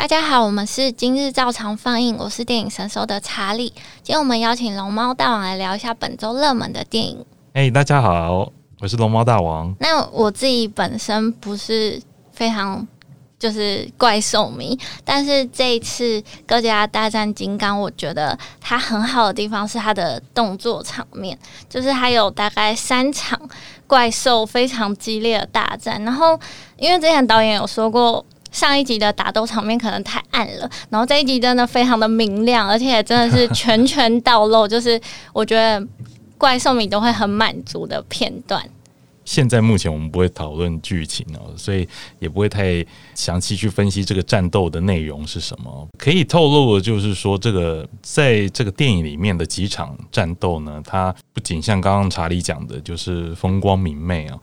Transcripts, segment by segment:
大家好，我們是今日照常放映，我是電影神獸的查理。今天我們邀請龍貓大王來聊一下本周熱門的電影。誒、欸，大家好，我是龍貓大王。那我自己本身不是非常就是怪獸迷，但是這一次《哥吉拉大戰金剛》，我覺得它很好的地方是它的動作場面，就是它有大概三場怪獸非常激烈的大戰。然後，因為之前導演有說過。上一集的打鬥場面可能太暗了，然後這一集真的非常的明亮，而且真的是拳拳到肉， 就是我覺得怪獸迷都會很滿足的片段。現在目前我們不會討論劇情哦，所以也不會太詳細去分析這個戰鬥的內容是什麼。可以透露的就是說，這個在這個電影裡面的幾場戰鬥呢，它不僅像剛剛查理講的，就是風光明媚啊、哦。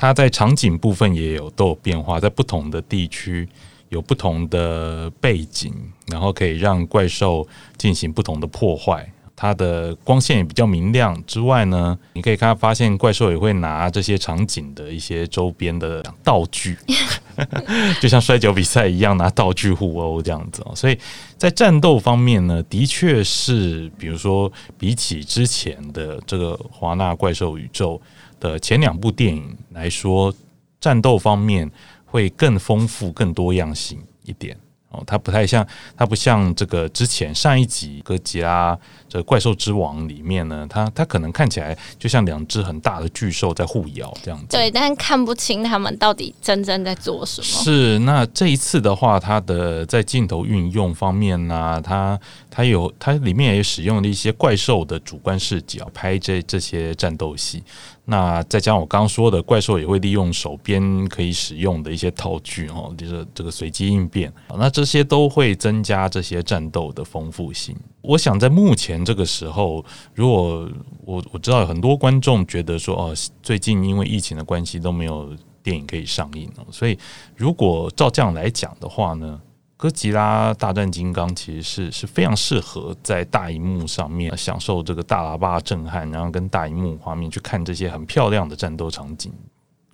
它在場景部分也有都有變化，在不同的地區有不同的背景，然後可以讓怪獸進行不同的破壞。它的光線也比較明亮之外呢，你可以看到發現怪獸也會拿這些場景的一些周邊的道具， 就像摔跤比賽一樣拿道具互毆這樣子。所以在戰鬥方面呢，的確是比如說比起之前的這個華納怪獸宇宙，的前兩部電影來說，戰鬥方面會更豐富、更多樣性一點哦。它不太像，它不像這個之前上一集《哥吉拉：這個、怪獸之王》裡面呢，它它可能看起來就像兩隻很大的巨獸在互咬這樣子。對，但看不清他們到底真正在做什麼。是那這一次的話，它的在鏡頭運用方面呢、啊，它。它有，它裡面也使用了一些怪獸的主觀視角拍這這些戰鬥戲，那再加上我剛說的，怪獸也會利用手邊可以使用的一些道具哦，就是這個隨機應變，那這些都會增加這些戰鬥的豐富性。我想在目前這個時候，如果我我知道有很多觀眾覺得說哦，最近因為疫情的關係都沒有電影可以上映，所以如果照這樣來講的話呢，哥吉拉大戰金剛其實是是非常適合在大熒幕上面享受這個大喇叭震撼，然後跟大熒幕畫面去看這些很漂亮的戰鬥場景。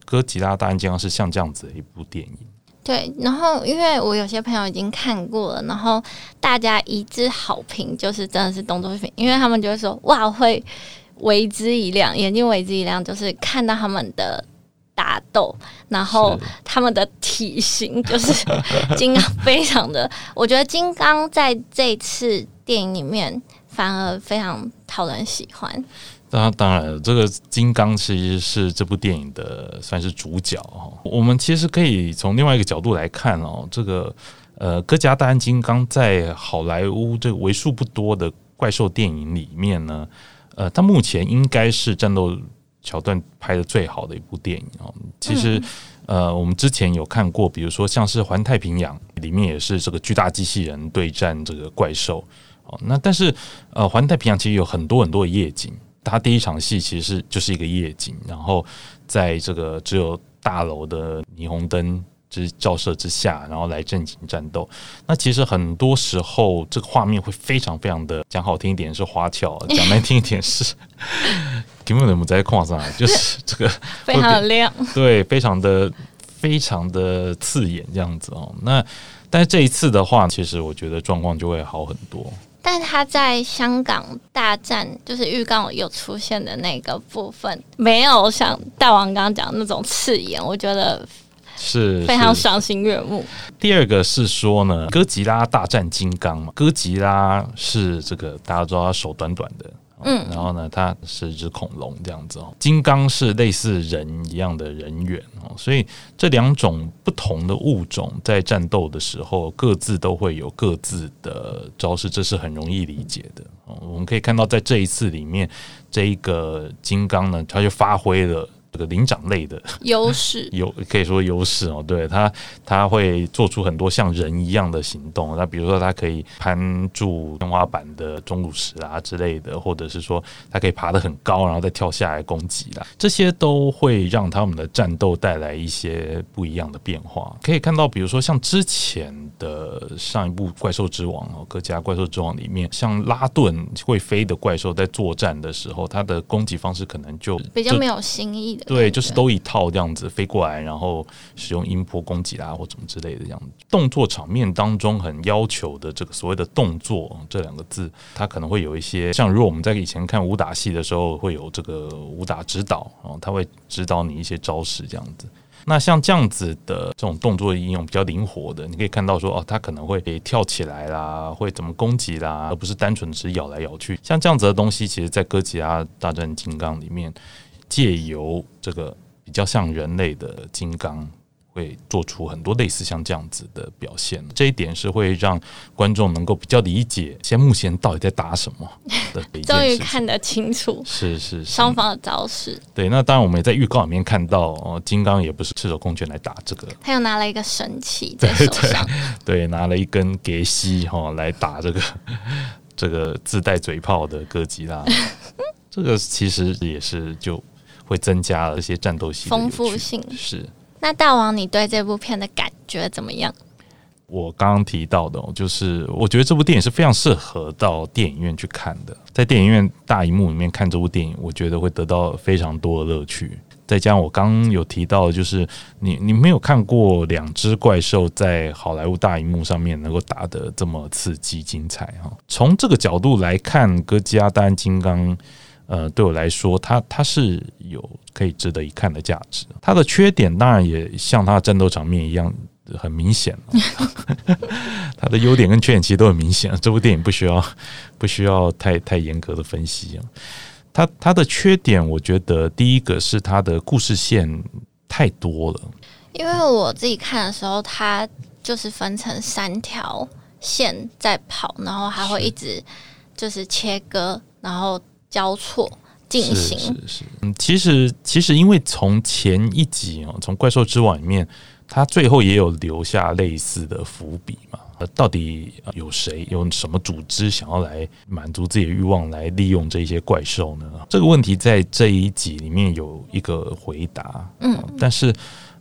哥吉拉大戰金剛是像這樣子的一部電影。對，然後因為我有些朋友已經看過了，然後大家一致好評，就是真的是動作片，因為他們就會說哇，會為之一亮，眼睛為之一亮，就是看到他們的。打鬥，然後他們的體型就是金剛非常的，我覺得金剛在這次電影裡面反而非常討人喜歡。那當然，這個金剛其實是這部電影的算是主角。我們其實可以從另外一個角度來看哦，這個呃，哥吉拉大戰金剛在好萊塢這個為數不多的怪獸電影裡面呢，呃，他目前應該是戰鬥。橋段拍的最好的一部電影其實，呃，我們之前有看過，比如說像是《環太平洋》裡面也是這個巨大機器人對戰這個怪獸哦，那但是呃，《環太平洋》其實有很多很多的夜景，它第一場戲其實是就是一個夜景，然後在這個只有大樓的霓虹燈就是照射之下，然後來正經戰鬥。那其實很多時候這個畫面會非常非常的，講好聽一點是花俏，講難聽一點是。 屏幕的幕在框上，就是這個非常亮，對，非常的非常的刺眼這樣子哦。那但是這一次的話，其實我覺得狀況就會好很多。但是他在香港大戰，就是預告有出現的那個部分，沒有像大王剛剛講的那種刺眼，我覺得是非常賞心悅目。第二個是說呢，哥吉拉大戰金剛嘛，哥吉拉是這個大家知道他手短短的。嗯，然後呢，它是一隻恐龍這樣子哦。金剛是類似人一樣的人猿哦，所以這兩種不同的物種在戰鬥的時候，各自都會有各自的招式，這是很容易理解的。我們可以看到，在這一次裡面，這一個金剛呢，它就發揮了。這個靈長類的優勢有， 可以說優勢哦。對他，他會做出很多像人一樣的行動。那比如說，他可以攀住天花板的鐘乳石啊之類的，或者是說，他可以爬得很高，然後再跳下來攻擊啦。這些都會讓他們的戰鬥帶來一些不一樣的變化。可以看到，比如說像之前的上一部《怪獸之王》哦，《哥吉拉怪獸之王》裡面，像拉頓會飛的怪獸在作戰的時候，它的攻擊方式可能就，就比較沒有新意的。對，就是都一套這樣子飛過來，然後使用音波攻擊啦，或怎麼之類的這樣子。動作場面當中很要求的這個所謂的動作這兩個字，它可能會有一些像，如果我們在以前看武打戲的時候，會有這個武打指導，然後它會指導你一些招式這樣子。那像這樣子的這種動作應用比較靈活的，你可以看到說哦，它可能會跳起來啦，會怎麼攻擊啦，而不是單純只是咬來咬去。像這樣子的東西，其實，在哥吉拉大戰金剛裡面。借由這個比較像人類的金剛，會做出很多類似像這樣子的表現，這一點是會讓觀眾能夠比較理解，現在目前到底在打什麼。終於看得清楚，是是雙方的招式。對，那當然我們也在預告裡面看到，金剛也不是赤手空拳來打這個，他又拿了一個神器在手上對對，對，拿了一根格西哈，哦，來打這個這個自帶嘴炮的哥吉拉。 嗯、這個其實也是就。會增加了一些戰鬥性、豐富性。是那，大王，你對這部片的感覺怎麼樣？我剛剛提到的，就是我覺得這部電影是非常適合到電影院去看的，在電影院大熒幕裡面看這部電影，我覺得會得到非常多的樂趣。再加上我剛剛有提到，就是你你沒有看過兩隻怪獸在好萊塢大熒幕上面能夠打得這麼刺激精彩哈，從這個角度來看，《哥吉拉大戰金剛》。呃，對我來說，它它是有可以值得一看的價值。它的缺點當然也像它的戰鬥場面一樣很明顯。 它的優點跟缺點其實都很明顯，這部電影不需要不需要太太嚴格的分析。它它的缺點，我覺得第一個是它的故事線太多了，因為我自己看的時候，它就是分成三條線在跑，然後還會一直就是切割，然後。交錯進行是是，是嗯，其實其實因為從前一集啊、哦，從《怪獸之王》裡面，他最後也有留下類似的伏筆嘛。到底有誰用什麼組織想要來滿足自己的欲望，來利用這些怪獸呢？這個問題在這一集裡面有一個回答。嗯，但是。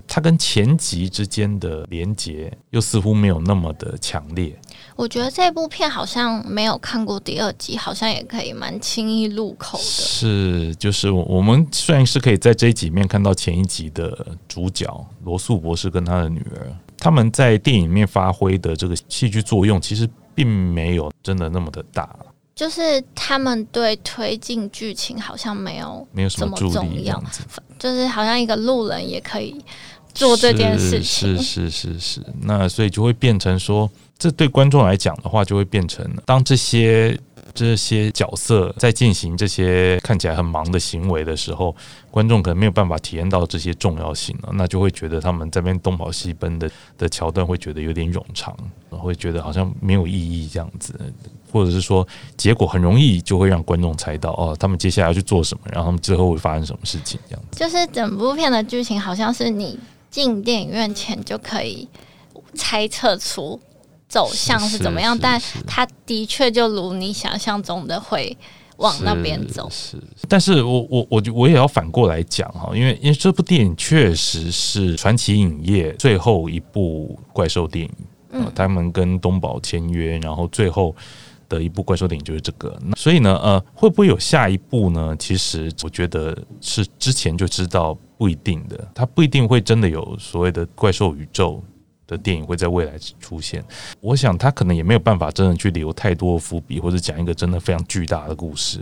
它跟前集之間的連接又似乎沒有那麼的強烈。我覺得這部片好像沒有看過第二集，好像也可以蠻輕易入口的。是，就是我們雖然是可以在這集面看到前一集的主角羅素博士跟他的女兒，他們在電影裡面發揮的這個戲劇作用，其實並沒有真的那麼的大。就是他們對推進劇情好像沒有沒有什麼助力，這麼重要，這樣子，就是好像一個路人也可以。做這件事情是是是是是，是，那所以就會變成說，這對觀眾來講的話，就會變成當這些這些角色在進行這些看起來很忙的行為的時候，觀眾可能沒有辦法體驗到這些重要性了，那就會覺得他們在那邊東跑西奔的的橋段會覺得有點冗長，會覺得好像沒有意義這樣子，或者是說結果很容易就會讓觀眾猜到哦，他們接下來要去做什麼，然後他們之後會發生什麼事情這樣子，就是整部片的劇情好像是你。進電影院前就可以猜測出走向是怎麼樣，但他的確就如你想象中的會往那邊走是是。是，但是我我我就我也要反過來講哈，因為因為這部電影確實是傳奇影業最後一部怪獸電影，嗯，他們跟東寶簽約，然後最後的一部怪獸電影就是這個。那所以呢，呃，會不會有下一部呢？其實我覺得是之前就知道。不一定的，他不一定會真的有所謂的怪獸宇宙的電影會在未來出現。我想他可能也沒有辦法真的去留太多伏筆，或者講一個真的非常巨大的故事，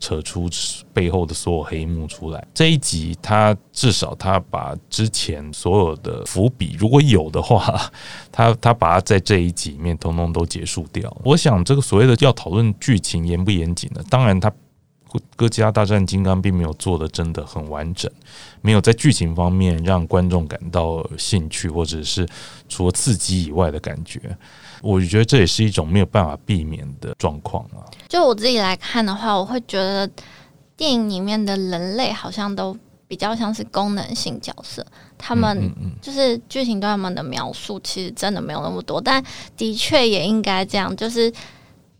扯出背後的所有黑幕出來。這一集他至少他把之前所有的伏筆，如果有的話，他他把它在這一集裡面通通都結束掉。我想這個所謂的要討論劇情嚴不嚴謹呢？當然他。哥吉拉大戰金剛並沒有做得真的很完整，沒有在劇情方面讓觀眾感到興趣，或者是除了刺激以外的感覺。我覺得這也是一種沒有辦法避免的狀況啊。就我自己來看的話，我會覺得電影裡面的人類好像都比較像是功能性角色，他們就是劇情對他們的描述其實真的沒有那麼多，但的確也應該這樣，就是。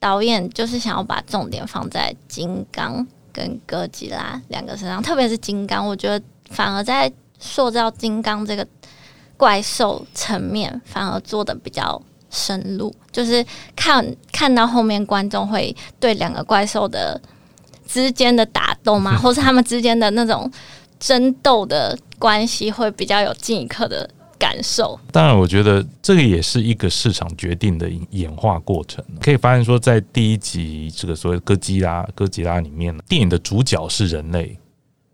導演就是想要把重點放在金剛跟哥吉拉兩個身上，特別是金剛，我覺得反而在塑造金剛這個怪獸層面，反而做得比較深入。就是看看到後面，觀眾會對兩個怪獸的之間的打鬥嘛，或是他們之間的那種爭鬥的關係，會比較有進一刻的。感受，當然，我覺得這個也是一個市場決定的演化過程。可以發現說，在第一集這個所謂《哥吉拉》《哥吉拉》裡面，電影的主角是人類，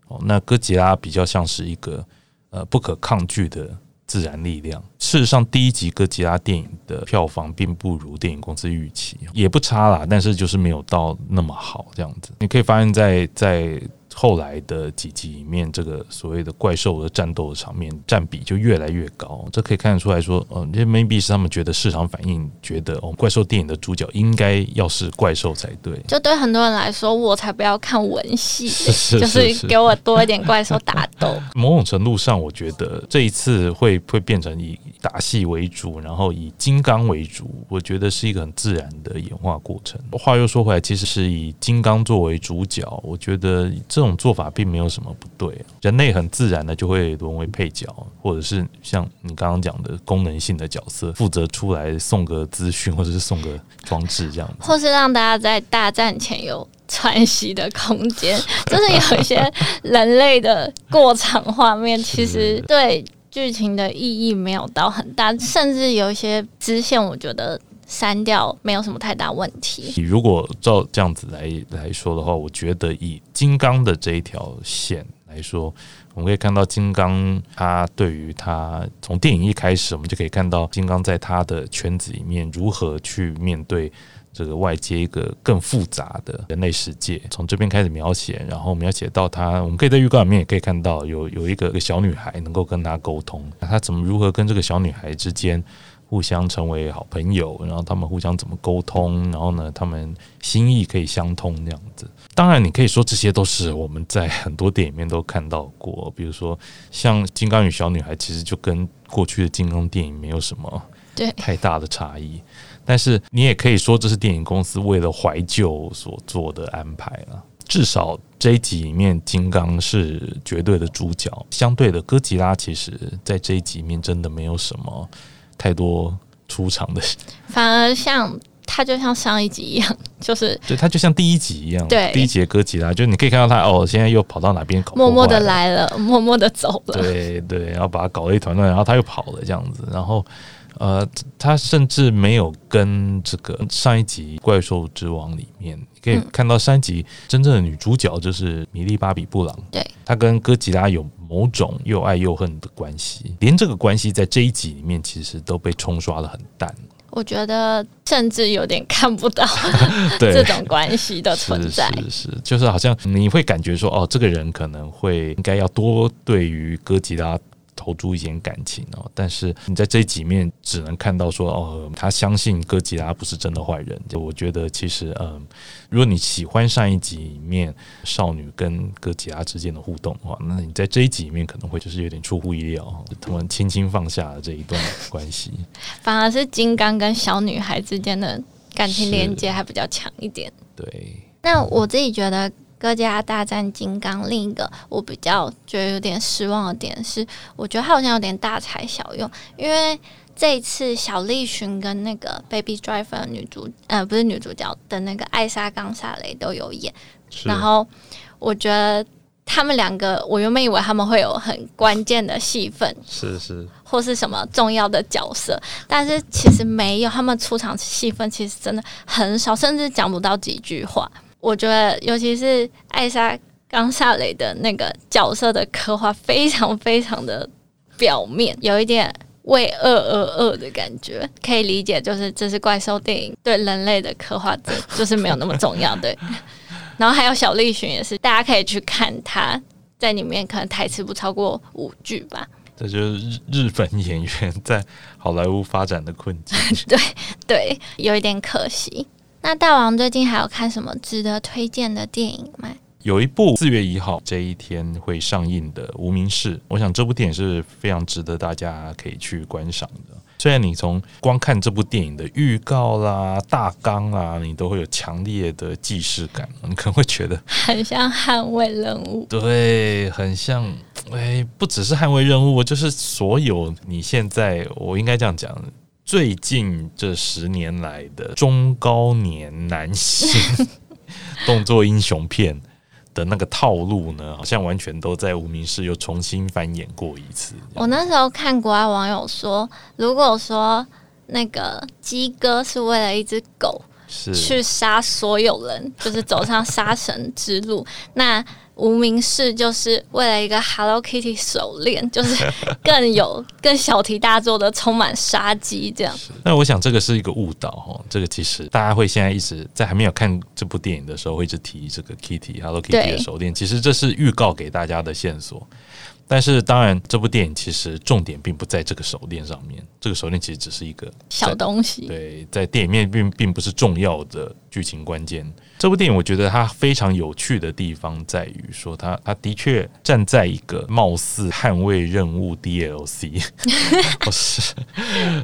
哦，那哥吉拉比較像是一個呃不可抗拒的自然力量。事實上，第一集《哥吉拉》電影的票房並不如電影公司預期，也不差啦，但是就是沒有到那麼好這樣子。你可以發現在，在在。後來的幾集裡面，這個所謂的怪獸的戰鬥的場面佔比就越來越高，這可以看得出來說，嗯、哦，這 maybe 是他們覺得市場反應，覺得哦，怪獸電影的主角應該要是怪獸才對。就對很多人來說，我才不要看文戲，是是是是就是給我多一點怪獸打鬥。是是是某種程度上，我覺得這一次會會變成以打戲為主，然後以金剛為主，我覺得是一個很自然的演化過程。話又說回來，其實是以金剛作為主角，我覺得這。這種做法並沒有什麼不對啊，人類很自然的就會淪為配角，或者是像你剛剛講的功能性的角色，負責出來送個資訊，或者是送個裝置這樣，或是讓大家在大戰前有喘息的空間， 就是有一些人類的過場畫面，其實對劇情的意義沒有到很大，甚至有一些支線，我覺得。刪掉沒有什麼太大問題。你如果照這樣子來來說的話，我覺得以金剛的這一條線來說，我們可以看到金剛他對於他從電影一開始，我們就可以看到金剛在他的圈子裡面如何去面對這個外界一個更複雜的人類世界。從這邊開始描寫，然後描寫到他，我們可以在預告裡面也可以看到有有一個個小女孩能夠跟他溝通，那他怎麼如何跟這個小女孩之間？互相成為好朋友，然後他們互相怎麼溝通，然後呢，他們心意可以相通那樣子。當然，你可以說這些都是我們在很多電影裡面都看到過，比如說像《金剛與小女孩》，其實就跟過去的金剛電影沒有什麼太大的差異。對但是你也可以說，這是電影公司為了懷舊所做的安排了啊。至少這一集裡面，金剛是絕對的主角，相對的哥吉拉其實在這一集裡面真的沒有什麼。太多出場的，反而像他，就像上一集一樣，就是對他就像第一集一樣，對第一集的哥吉拉，就你可以看到他哦，現在又跑到哪邊搞，默默的來了，默默的走了，對對，然後把他搞了一團亂，然後他又跑了這樣子，然後。呃，他甚至沒有跟這個上一集《怪獸之王》裡面，可以看到上一集真正的女主角就是米莉·巴比·布朗，對，她跟哥吉拉有某種又愛又恨的關係，連這個關係在這一集裡面其實都被沖刷的很淡，我覺得甚至有點看不到 對這種關係的存在，是，是，是就是好像你會感覺說，哦，這個人可能會應該要多對於哥吉拉。投注一點感情哦，但是你在這集裡面只能看到說，哦，他相信哥吉拉不是真的壞人。就我覺得，其實，嗯、呃，如果你喜歡上一集裡面少女跟哥吉拉之間的互動的話，那你在這一集裡面可能會就是有點出乎意料，他們輕輕放下了這一段關係， 反而是金剛跟小女孩之間的感情連接還比較強一點。對，那我自己覺得。《哥吉拉大戰金剛》，另一個我比較覺得有點失望的點是，我覺得他好像有點大材小用，因為這一次小栗旬跟那個《Baby Driver》女主呃不是女主角的那個艾莎岡薩雷都有演，是然後我覺得他們兩個，我原本以為他們會有很關鍵的戲份，是是，或是什麼重要的角色，但是其實沒有，他們出場戲份其實真的很少，甚至講不到幾句話。我覺得，尤其是艾莎岡薩雷的那個角色的刻畫，非常非常的表面，有一點為惡惡惡的感覺。可以理解，就是這是怪獸電影對人類的刻畫，這就是沒有那麼重要。對， 然後還有小栗旬也是，大家可以去看他在裡面，可能台詞不超過五句吧。這就是日日本演員在好萊塢發展的困境。 對對，有一點可惜。那大王最近還有看什麼值得推薦的電影嗎？有一部四月一號這一天會上映的《無名弒》，我想這部電影是非常值得大家可以去觀賞的。雖然你從光看這部電影的預告啦、大綱啦、啊，你都會有強烈的既視感，你可能會覺得很像《捍衛任務》。對，很像。哎、欸，不只是《捍衛任務》，就是所有你現在，我應該這樣講。最近這十年來的中高年男性 動作英雄片的那個套路呢，好像完全都在《無名弒》又重新翻演過一次。我那時候看國外網友說，如果說那個雞哥是為了一只狗。是去殺所有人，就是走上殺神之路。 那無名弒就是為了一個 Hello Kitty 手鏈，就是更有 更小題大做的，充滿殺機這樣。那我想這個是一個誤導哦，這個其實大家會現在一直在還沒有看這部電影的時候，會一直提這個 Kitty Hello Kitty 對的手鏈，其實這是預告給大家的線索。但是，當然，這部電影其實重點並不在這個手鏈上面。這個手鏈其實只是一個小東西，對，在電影面並並不是重要的劇情關鍵。這部電影我覺得它非常有趣的地方在於說，它它的確站在一個貌似捍衛任務 DLC，不 是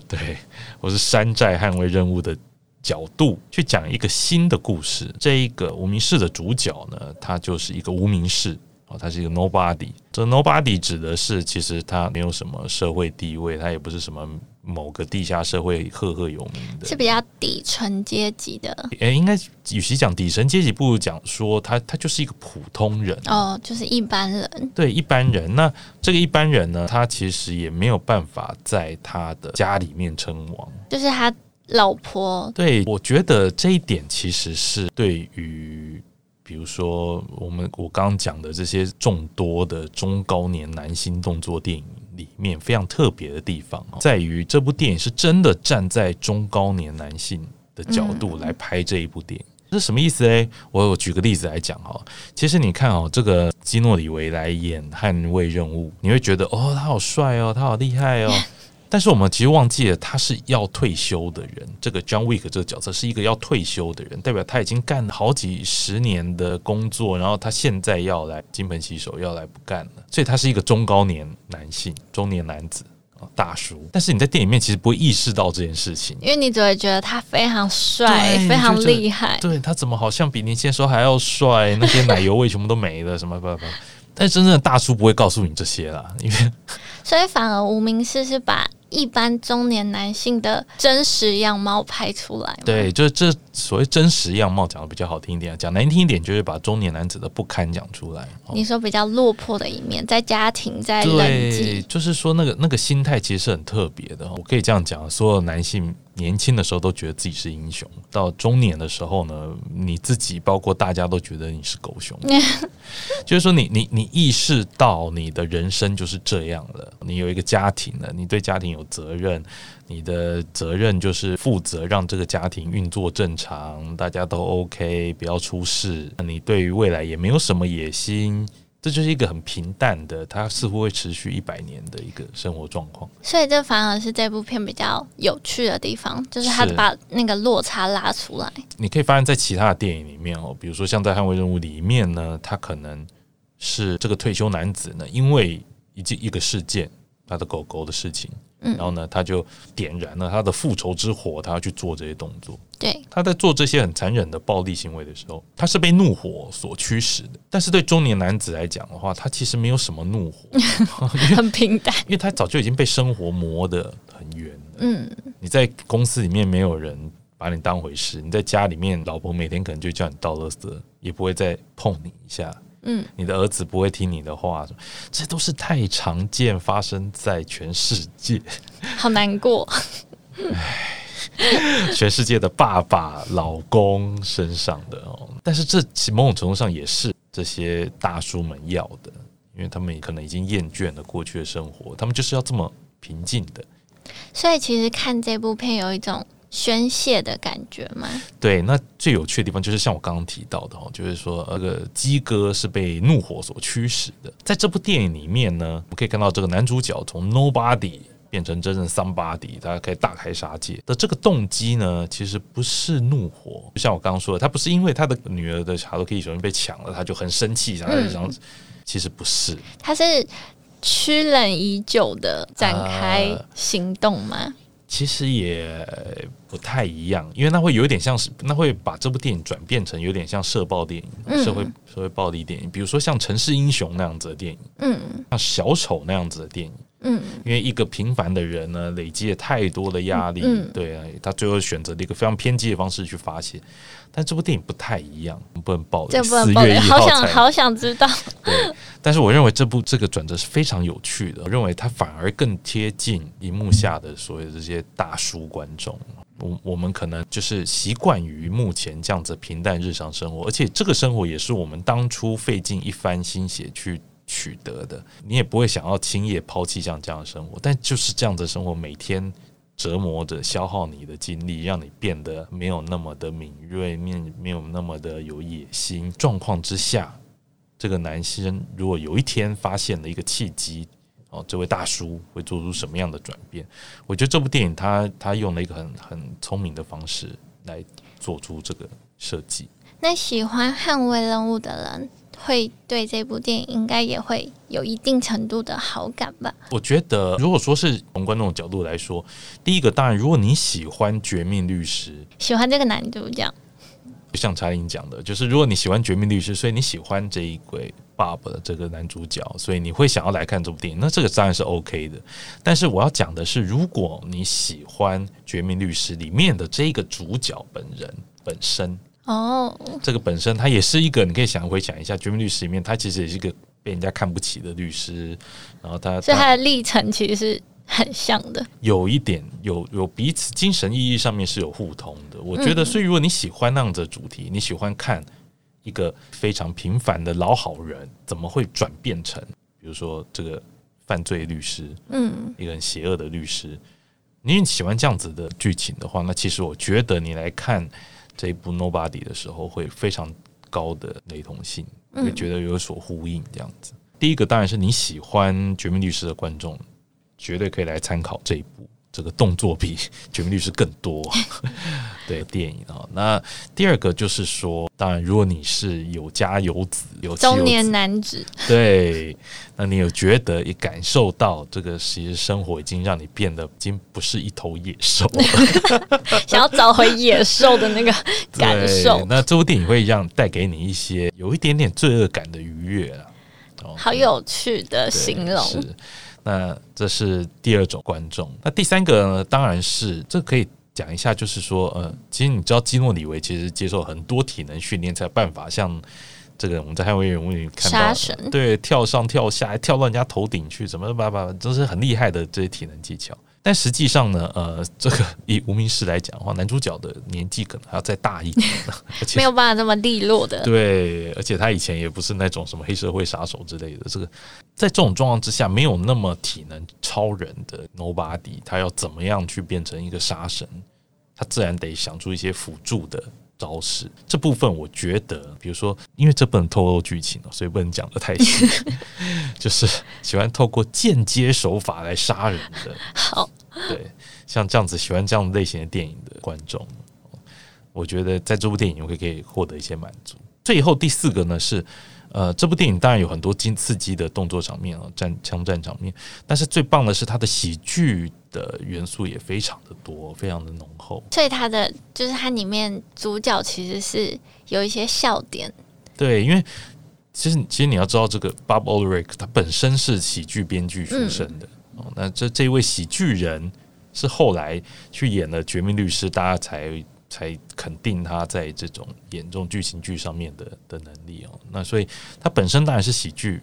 對，我是山寨捍衛任務的角度去講一個新的故事。這一個無名氏的主角呢，他就是一個無名氏。哦，他是一個 nobody。這、so、nobody 指的是其實他沒有什麼社會地位，他也不是什麼某個地下社會赫赫有名的，是比較底層階級的。哎、欸，應該與其講底層階級，不如講說他他就是一個普通人。哦，就是一般人。對，一般人。那這個一般人呢，他其實也沒有辦法在他的家裡面稱王，就是他老婆。對，我覺得這一點其實是對於。比如說，我們我剛剛講的這些眾多的中高年男性動作電影裡面，非常特別的地方在於，這部電影是真的站在中高年男性的角度來拍這一部電影。這是什麼意思呢？我我舉個例子來講哈。其實你看哦，這個基諾里維來演《捍衛任務》，你會覺得哦，他好帥哦，他好厲害哦。但是我們其實忘記了，他是要退休的人。這個 John Wick 這個角色是一個要退休的人，代表他已經幹了好幾十年的工作，然後他現在要來金盆洗手，要來不幹了。所以他是一個中高年男性，中年男子，大叔。但是你在電影裡面其實不會意識到這件事情，因為你只會覺得他非常帥，對非常厲害。對，他怎麼好像比年輕的時候還要帥？那些奶油味全部都沒了， 什麼吧不。但是真正的大叔不會告訴你這些啦，因為所以反而無名弒是把。一般中年男性的真實樣貌拍出來，對，就是這所謂真實樣貌，講的比較好聽一點啊，講難聽一點，就是把中年男子的不堪講出來。你說比較落魄的一面，在家庭，在人際，就是說那個那個心態其實是很特別的。我可以這樣講，所有男性。年輕的時候都覺得自己是英雄，到中年的時候呢，你自己包括大家都覺得你是狗熊， 就是說你你你意識到你的人生就是這樣的。你有一個家庭了，你對家庭有責任，你的責任就是負責讓這個家庭運作正常，大家都 OK，不要出事。你對於未來也沒有什麼野心。這就是一個很平淡的，它似乎會持續一百年的一個生活狀況。所以，這反而是這部片比較有趣的地方，就是他把那個落差拉出來。你可以發現，在其他的電影裡面哦，比如說像在《捍衛任務》裡面呢，他可能是這個退休男子呢，因為一件一個事件，他的狗狗的事情。然後呢，他就點燃了他的復仇之火，他要去做這些動作。對，他在做這些很殘忍的暴力行為的時候，他是被怒火所驅使的。但是對中年男子來講的話，他其實沒有什麼怒火， 很平淡因，因為他早就已經被生活磨得很圓。嗯，你在公司裡面沒有人把你當回事，你在家裡面老婆每天可能就叫你倒垃圾，也不會再碰你一下。嗯，你的兒子不會聽你的話，這都是太常見，發生在全世界。好難過，唉， 全世界的爸爸、老公身上的哦。但是這其實某種程度上也是這些大叔們要的，因為他們可能已經厭倦了過去的生活，他們就是要這麼平靜的。所以，其實看這部片有一種。宣洩的感覺嗎？對，那最有趣的地方就是像我剛剛提到的哦，就是說那個基哥是被怒火所驅使的。在這部電影裡面呢，我們可以看到這個男主角從 nobody 變成真正 somebody，他可以大開殺戒的這個動機呢，其實不是怒火。就像我剛剛說的，他不是因為他的女兒的 Hello Kitty 被搶了，他就很生氣，然後就這樣子。嗯、其實不是，他是蓄冷已久的展開行動嗎？啊其實也不太一樣，因為那會有點像是那會把這部電影轉變成有點像社暴電影，社會、嗯、社會暴力電影，比如說像《城市英雄》那樣子的電影，嗯，像小丑那樣子的電影，嗯，因為一個平凡的人呢，累積了太多的壓力，嗯嗯、對，他最後選擇了一個非常偏激的方式去發泄，但這部電影不太一樣，不能暴力，四月一號，好想好想知道，對。但是我認為這部這個轉折是非常有趣的。我認為它反而更貼近熒幕下的所有這些大叔觀眾。我我們可能就是習慣於目前這樣子平淡日常生活，而且這個生活也是我們當初費盡一番心血去取得的。你也不會想要輕易拋棄像這樣的生活，但就是這樣子的生活每天折磨着、消耗你的精力，讓你變得沒有那麼的敏銳，面沒有那麼的有野心。狀況之下。這個男生如果有一天發現了一個契機，哦，這位大叔會做出什麼樣的轉變？我覺得這部電影他他用了一個很很聰明的方式來做出這個設計。那喜歡捍衛任務的人會對這部電影應該也會有一定程度的好感吧？我覺得，如果說是從觀眾的角度來說，第一個當然，如果你喜歡《絕命律師》，喜歡這個男主角。就像查理講的，就是如果你喜歡《絕命律師》，所以你喜歡這一位巴布的這個男主角，所以你會想要來看這部電影。那這個當然是 OK 的。但是我要講的是，如果你喜歡《絕命律師》裡面的這個主角本人本身哦，這個本身他也是一個，你可以想回想一下，《絕命律師》裡面他其實也是一個被人家看不起的律師，然後他所以他的歷程其實是。很像的，有一點有有彼此精神意義上面是有互通的。我覺得，所以如果你喜歡那樣子的主題，嗯、你喜歡看一個非常平凡的老好人怎麼會轉變成，比如說這個犯罪律師，嗯，一個很邪惡的律師，你很喜歡這樣子的劇情的話，那其實我覺得你來看這一部 Nobody 的時候，會非常高的雷同性，會覺得有所呼應這樣子。嗯、第一個當然是你喜歡《絕命律師》的觀眾，絕對可以來參考這一部，這個動作比《絕命律師》更多。 對電影啊，那第二個就是說，當然，如果你是有家有子、有家有子，中年男子，對，那你有覺得也感受到這個，其實生活已經讓你變得已經不是一頭野獸了， 想要找回野獸的那個感受。那這部電影會讓帶給你一些有一點點罪惡感的愉悅啊，好有趣的形容。那這是第二種觀眾。那第三個呢？當然是這可以講一下，就是說，呃、嗯，其實你知道基努·李維其實接受很多體能訓練，才有辦法像這個我們在捍衛任務裡我已看到，殺神對，跳上跳下，跳到人家頭頂去，怎麼，怎麼，這是很厲害的這些體能技巧。但實際上呢，呃，這個以無名弒來講的話，男主角的年紀可能還要再大一點，而且 沒有辦法這麼利落的。對，而且他以前也不是那種什麼黑社會殺手之類的。這個在這種狀況之下，沒有那麼體能超人的 Nobody，他要怎麼樣去變成一個殺神？他自然得想出一些輔助的招式，這部分我覺得，比如說，因為這不能透露劇情，所以不能講得太細， 就是喜歡透過間接手法來殺人的，好，對，像這樣子喜歡這樣類型的電影的觀眾，我覺得在這部電影會可以獲得一些滿足。最後第四個呢是。呃，這部電影當然有很多驚刺激的動作場面啊，戰槍戰場面，但是最棒的是它的喜劇的元素也非常的多，非常的濃厚。所以它的就是它裡面主角其實是有一些笑點。對，因為其實其實你要知道，這個 Bob Odenkirk 他本身是喜劇編劇出身的，嗯哦、那這這位喜劇人是後來去演了《絕命律師》，大家才。才肯定他在這種演這種劇情劇上面的的能力哦，那所以他本身當然是喜劇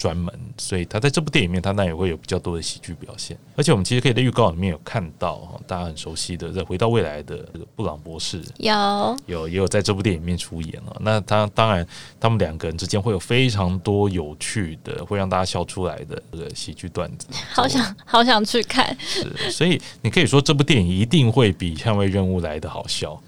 專門，所以他在這部電影裡面，他那也會有比較多的喜劇表現。而且我們其實可以在預告裡面有看到，大家很熟悉的在、這個、回到未來的布朗博士有，有也有在這部電影裡面出演了。那他當然，他們兩個人之間會有非常多有趣的、會讓大家笑出來的這個喜劇段子。好想好想去看。 是，所以你可以說這部電影一定會比《捍衛任務》來的好笑，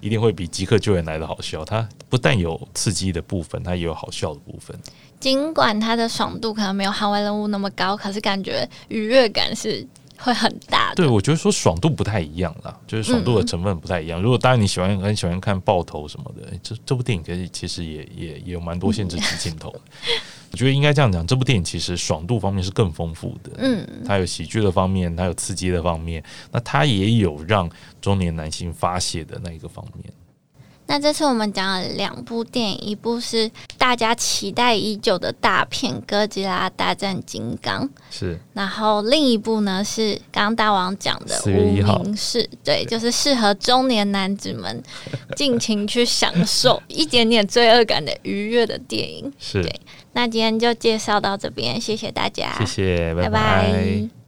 一定會比《即刻救援》來的好笑。它不但有刺激的部分，它也有好笑的部分。儘管它的爽度可能沒有《捍衛任務》那麼高，可是感覺愉悅感是會很大的。對，我覺得說爽度不太一樣啦，就是爽度的成分不太一樣。嗯、如果當然你喜歡很喜歡看爆頭什麼的，欸、這這部電影其實其實也也也有蠻多限制級鏡頭。嗯、我覺得應該這樣講，這部電影其實爽度方面是更豐富的。嗯，它有喜劇的方面，它有刺激的方面，那它也有讓中年男性發洩的那一個方面。那這次我們講了兩部電影，一部是大家期待已久的大片《哥吉拉大戰金剛》，是。然後另一部呢是剛剛大王講的《無名弒》，對，就是適合中年男子們盡情去享受一點點罪惡感的愉悅的電影。是。對，那今天就介紹到這邊，謝謝大家，謝謝，拜拜。拜拜。